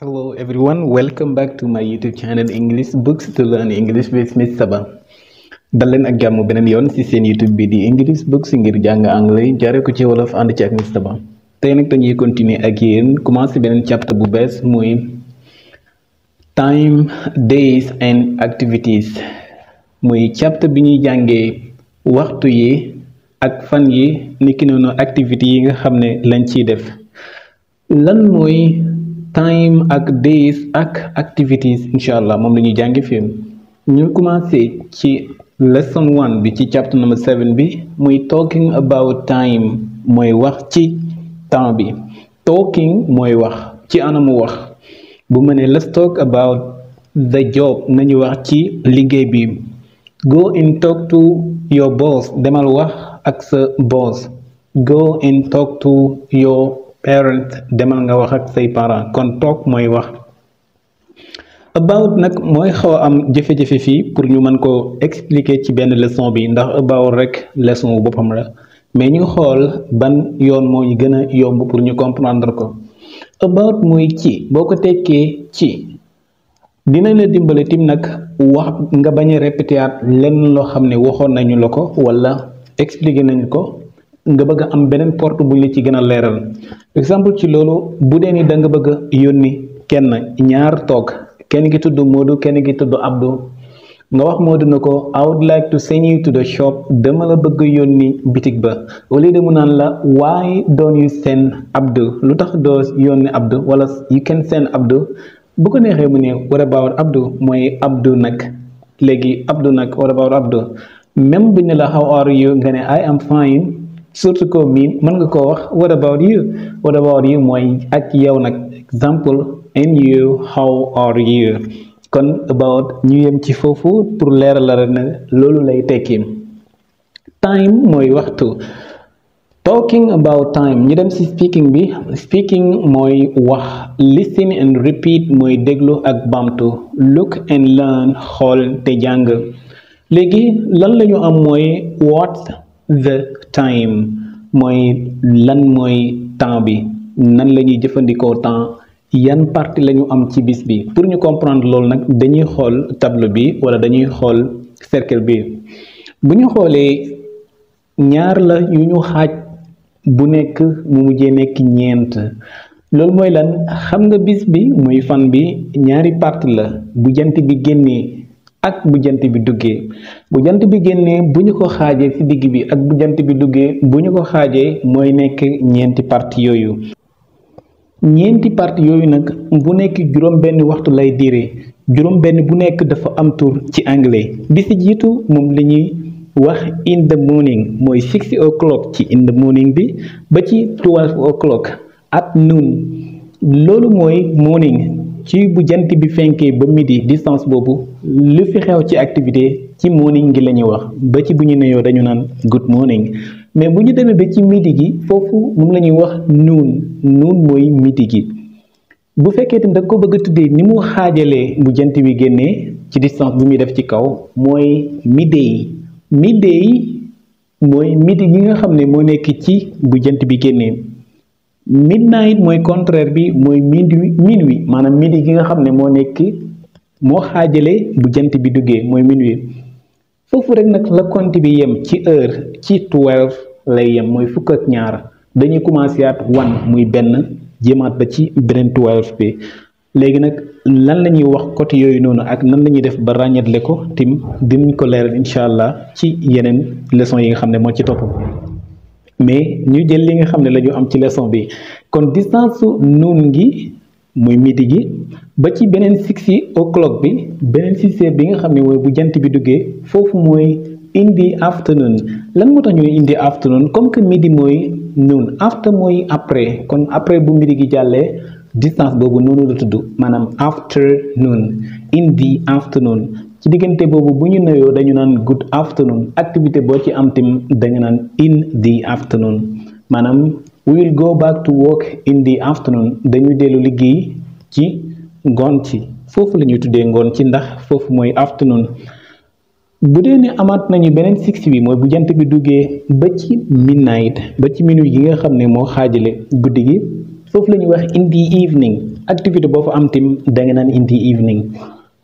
Hello everyone, welcome back to my YouTube channel English Books to Learn English with Miss Saba dal leen ak jàmm beneen yoon ci seen YouTube bi di English Books ngir jàng anglais jaaree ko ci wolof ànd ci ak Miss Saba tey nag dañuy continuer ak yéen commencé beneen chapter bu bees muy time days and activities muy chapter bi ñuy jàngee waxtu yi ak fan yi niki noonu activité yi nga xam ne lañ ciy def lan mooy time ak days ak activities incha allah moom lañuy ñuy jàngi fi ñu commencé ci lesson one bi ci chapter number seven bi muy talking about time mooy wax ci temps bi talking mooy wax ci anamu wax bu ma ne let's talk about the job nañu wax ci liggéey bi go and talk to your boss demal wax ak sa boss go and talk to your parent demal nga wax ak say parents kon toog mooy wax about nag mooy xaw a am jafe-jafe fii pour ñu mën koo expliquer ci benn leçon bi ndax about rek leçon wu boppam la mais ñu xool ban yoon moo ñu gën a yomb pour ñu comprendre ko about mooy ci boo ko tekkee ci dina la dimbale tim nag wax nga bañ a répété at lenn loo xam ne waxoon nañu la ko wala expliqué nañu ko nga bëgg am beneen porte buñ la ci gën a leeral exemple ci loolu bu dee ni da bëgg a yónni kenn ñaar toog kenn ki tudd Modou kenn gi tudd Abdou nga wax Modou na ko I would like to send you to the shop dama la bëgg yónni bitig ba au lieu de mu naan la why don't you send Abdou lu tax doo yónni Abdou wala you can send Abdou bu ko neexee mu ne what about Abdou mooy Abdou nag léegi Abdou nag what about Abdou même bu ñu la how are you nga ne I am fine. surtout que me mën nga koo wax what about you what about you mooy ak yow nag exemple and you how are you kon about ñu yem ci foofu pour leer la ne loolu lay tekki time mooy waxtu talking about time ñu dem ci speaking bi speaking mooy wax listen and repeat mooy déglu ak bantu look and learn xool te jàng léegi lan lañu am mooy what the time mooy lan mooy temps bi nan la ñuy jëfandikoo temps yan partie lañu am ci bis bi pour ñu comprendre loolu nag dañuy xool tableau bi wala dañuy xool cercle bi bu ñu xoolee ñaar la yu ñu xaaj bu nekk mu mujjee nekk ñeent loolu mooy lan xam nga bis bi muy fan bi ñaari partie la bu jant bi génnee ak bu jant bi duggee bu jant bi génnee bu ñu ko xaajee ci digg bi ak bu jant bi duggee bu ñu ko xaajee mooy nekk ñeenti parti yooyu ñeenti parti yooyu nag bu nekk juróom benn waxtu lay diire juróom benn bu nekk dafa am tur ci anglais bi ci jiitu moom li ñuy wax in the morning mooy six o'clock ci in the morning bi ba ci twelve o'clock at noon loolu mooy morning ci bu jant bi fenkee ba midi distance boobu lu fi xew ci activité ci morning ngi la ñuy wax ba ci bu ñu nuyoo dañu naan good morning mais bu ñu demee ba ci midi gi foofu moom la ñuy wax noon noon mooy midi gi bu fekkee tam da ko bëgg a tuddee ni mu xaajalee bu jant bi génnee ci distance bi muy def ci kaw mooy midday midday mooy midi gi nga xam ne moo nekk ci bu jant bi génnee midnight mooy contraire bi mooy minuit minuit maanaam midi gi nga xam ne moo nekk moo xaajale bu jant bi duggee mooy minuit foofu rek nag la compte bi yem ci heure ci twelve lay yem mooy fukk ak ñaar dañuy commencé at one muy benn jéemaat ba ci beneen twelve bi léegi nag lan la ñuy wax côté yooyu noonu ak nan la ñuy def ba ràññeetle ko tim dinañ ko leeral incha allah ci yeneen leçon yi nga xam ne moo ci topp. mais ñu jël li nga xam ne la ñu am ci leçon bi kon distance noon gi muy midi gi ba ci beneen six o'clock bi beneen six bi nga xam ne mooy bu jant bi duggee foofu mooy indi afternoon lan moo tax ñuy indi afternoon comme que midi mooy noon after mooy après kon après bu midi gi jàllee distance boobu noonu la tudd maanaam afternoon indi afternoon ci diggante boobu bu ñu nuyoo dañu naan good afternoon activité boo ci am tim dañu naan in the afternoon maanaam we will go back to work in the afternoon dañuy dellu liggéey ci ngoon ci foofu la tuddee ngoon ci ndax foofu mooy afternoon bu dee ne amaat nañu beneen six bi mooy bu jant bi duggee ba ci midnight ba ci minuit gi nga xam ne moo xaajale guddi gi foofu la ñuy wax in the evening activité boo fa am tim da nga naan in the evening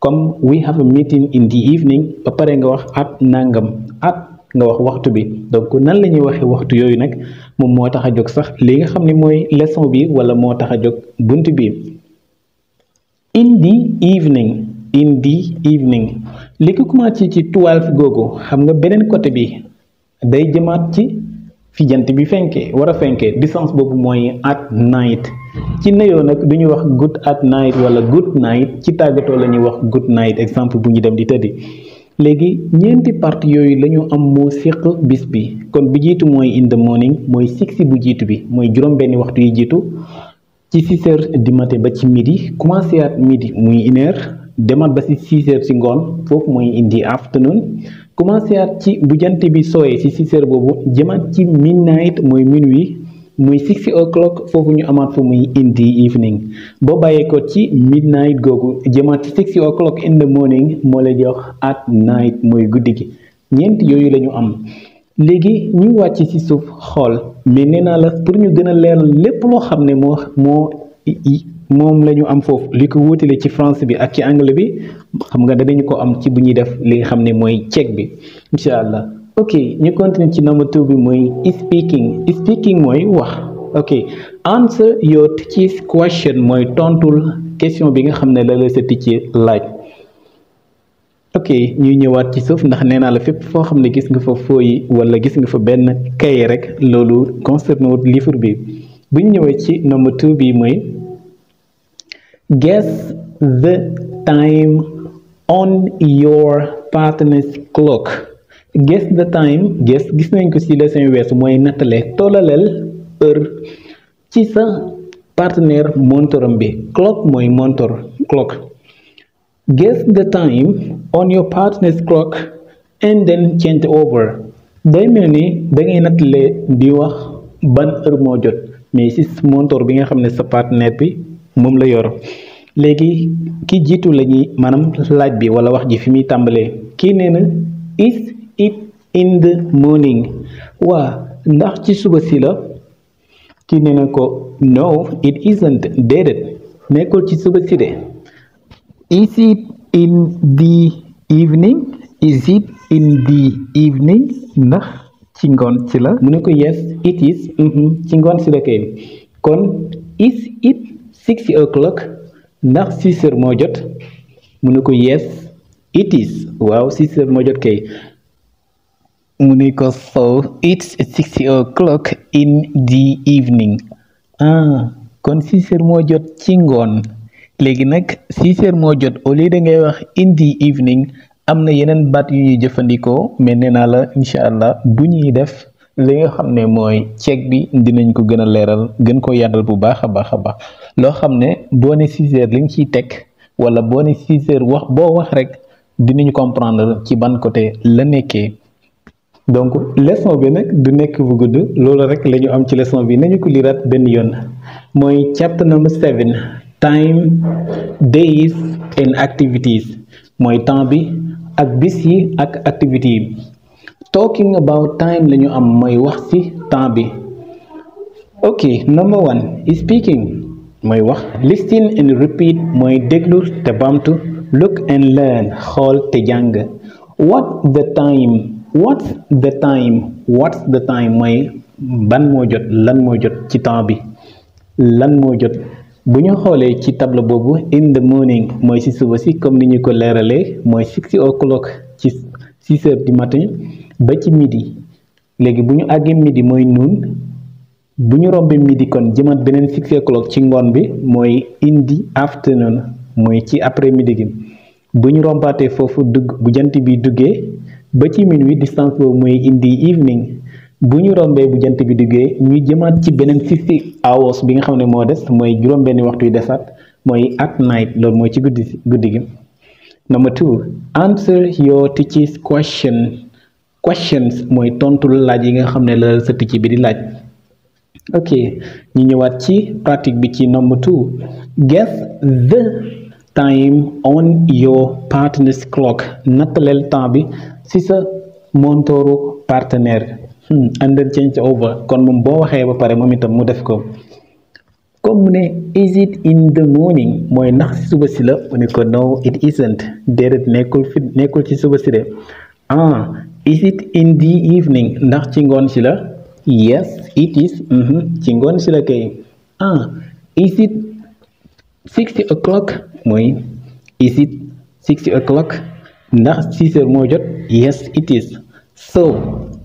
comme we have a meeting in the evening ba pare nga wax at nangam at nga wax waxtu bi donc nan la ñuy waxee waxtu yooyu nag moom moo tax a jóg sax li nga xam ne mooy leçon bi wala moo tax a jóg bunt bi in the evening in the evening li ko commencé ci twelve googu xam nga beneen côté bi day jëmaat ci fi jant bi fenkee war a fenkee distance boobu mooy at night ci neyoo nag du ñu wax good at night wala good night ci tàggatoo la ñuy wax good night exemple bu ñu dem di tëddi léegi ñeenti partie yooyu lañu am moo séq bis bi kon bu jiitu mooy in the morning mooy six bu jiitu bi mooy juróom-benni waxtu yi jiitu ci six heures du matin ba ci midi commencé at midi muy une demal ba si 6 heures si ngoon foofu mooy indi afternoon commencé ci bu jant bi sooyee si 6 boobu jëmaat ci midnight mooy minuit muy 6 o'clock foofu ñu amaat fu muy indi evening boo bàyyee ko ci midnight googu jëmaat ci 6 o'clock in the morning moo la jox at night mooy guddi gi ñeent yooyu lañu am léegi ñu wàcc si suuf xool mais nee naa la pour ñu gën a leeral lépp loo xam ne moo moo. moom lañu am foofu li ko wutale ci France bi ak ci anglais bi xam nga danañu ko am ci bu ñuy def li nga xam ne mooy ceeg bi incha allah ok ñu continue ci number two bi mooy speaking speaking mooy wax ok answer your teacher's question mooy tontul question bi nga xam ne la la sa teacher laaj ok ñuy ñëwaat ci suuf ndax nee naa la fépp foo xam ne gis nga fa fooyi wala gis nga fa benn kaye rek loolu concerne wut livre bi buñ ñëwee ci number two bi mooy Guess the time on your partner's clock. guess the time guess gis nañ ko ci lesson yu mooy nattale toolaleel heure ci sa partenaire montoram bi clock mooy montor clock guess the time on your partner's clock and over day mel ni da ngay nattale di wax ban heure moo jot mais ci montor bi nga xam ne sa partenaire bi moom la yor léegi ki jiitu la ñuy maanaam laaj bi wala wax ji fi muy tàmbalee kii nee na is it in the morning waa ndax ci suba si la ki nee na ko no it isn't déedéet nekkul ci suba si de is it in the evening ndax ci ngoon si la mu ne ko yes it is mm-hmm, ci ngoon si la kay kon is it six o'clock ndax six heures moo jot mu ne ko yes it is waaw six heures moo jot kay mu ne ko soow it's six o'clock in ah, kon six moo jot ci ngoon léegi nag six heures moo jot au lieu da ngay wax in the evening am na yeneen baat yu ñuy jëfandikoo mais nee naa la incha allah bu ñuy def li nga xam ne mooy ceeg bi dinañ ko gën a leeral gën ko yàddal bu baax a baax a baax loo xam ne boo ne liñ heures li nga ciy teg wala boo ne six heures wax boo wax rek dinañu comprendre ci ban côté la nekkee donc leçon bi nag du nekk bu gudd loolu rek lañu am ci leçon bi nañu ko liiraat benn yoon mooy chapter number seven time days and activities mooy temps bi ak bis yi ak activité yi talking about time la ñu am mooy wax ci temps bi ok number one is speaking mooy wax listin and repeat mooy déglu te bamtu look and learn xool te jàng what's the time what's the time mooy ban moo jot lan moo jot ci temps bi lan moo jot bu ñu xoolee ci table boobu in the morning mooy si suba si comme ni ñu ko leeralee mooy six o'clock ci six heures du matin ba ci midi léegi bu ñu àggee midi mooy noon bu ñu rombee midi kon jëmat beneen six o'clock ci ngoon bi mooy indi the afternoon mooy ci après midi bu ñu rompaatee foofu dugg bu jant bi duggee ba ci minuit distance boobu mooy indi the evening bu ñu rombee bu jant bi duggee ñu jëmaat ci beneen six hours bi nga xam ne moo des mooy juróom-benni waxtu yu desaat mooy at night loolu mooy ci guddi guddi gi. number two answer your teacher's question questions mooy tontu laaj yi nga xam ne la sa teacher bi di laaj. ok ñu ñëwaat ci pratique bi ci number two guess the time on your partner's clock nattaleel temps bi si sa montoru partenaire and hmm, then change kon moom boo waxee ba pare moom itam mu def ko comme mu ne is in the morning mooy ndax si suba si la mu ne ko it isn't déedéet nekkul fi nekkul ci suba si de ah is in the evening ndax ci ngoon si la yes it is mhm. ci ngoon si la kay ah is sixty o'clock mooy is it sixty o'clock ndax six heures moo jot yes it is so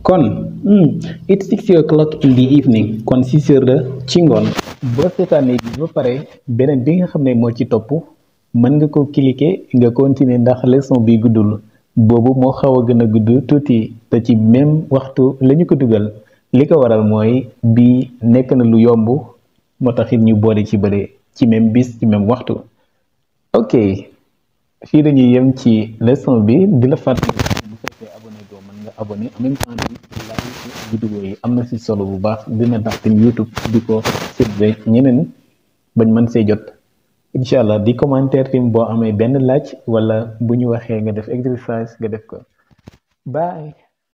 kon hmm, it's sixty o'clock in the evening kon six heures la ci ngoon boo seetaanee bi ba pare beneen bi nga xam ne moo ci topp mën nga ko cliquer nga continuer ndax leçon bi guddul boobu moo xaw a gën a gudd tuuti te ci même waxtu lañu ko dugal li ko waral mooy bii nekk na lu yomb moo tax it ñu boole ci bëre ci même bis ci même waxtu ok fii dañuy yem ci lesson bi di la fàttali bu fekkee abonné mën nga abonné en même temps bi laaj ci vidéo yi am na si solo bu baax dina tax tamit YouTube di ko serve ñeneen bañ mën see jot incha allah di commentaire tamit boo amee benn laaj wala bu ñu waxee nga def exercice nga def ko